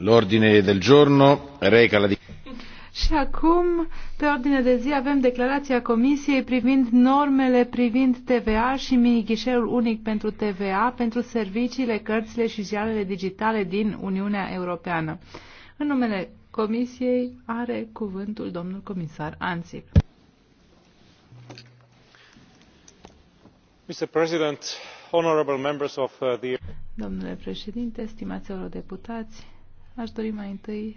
L'ordine del giorno reca la și acum, pe ordine de zi, avem declarația Comisiei privind normele privind TVA și minighișeul unic pentru TVA pentru serviciile, cărțile și ziarele digitale din Uniunea Europeană. În numele Comisiei are cuvântul domnul comisar Ansip. Mr. President, honorable members of uh, the... Domnule președinte, stimați eurodeputați, Aș dori mai întâi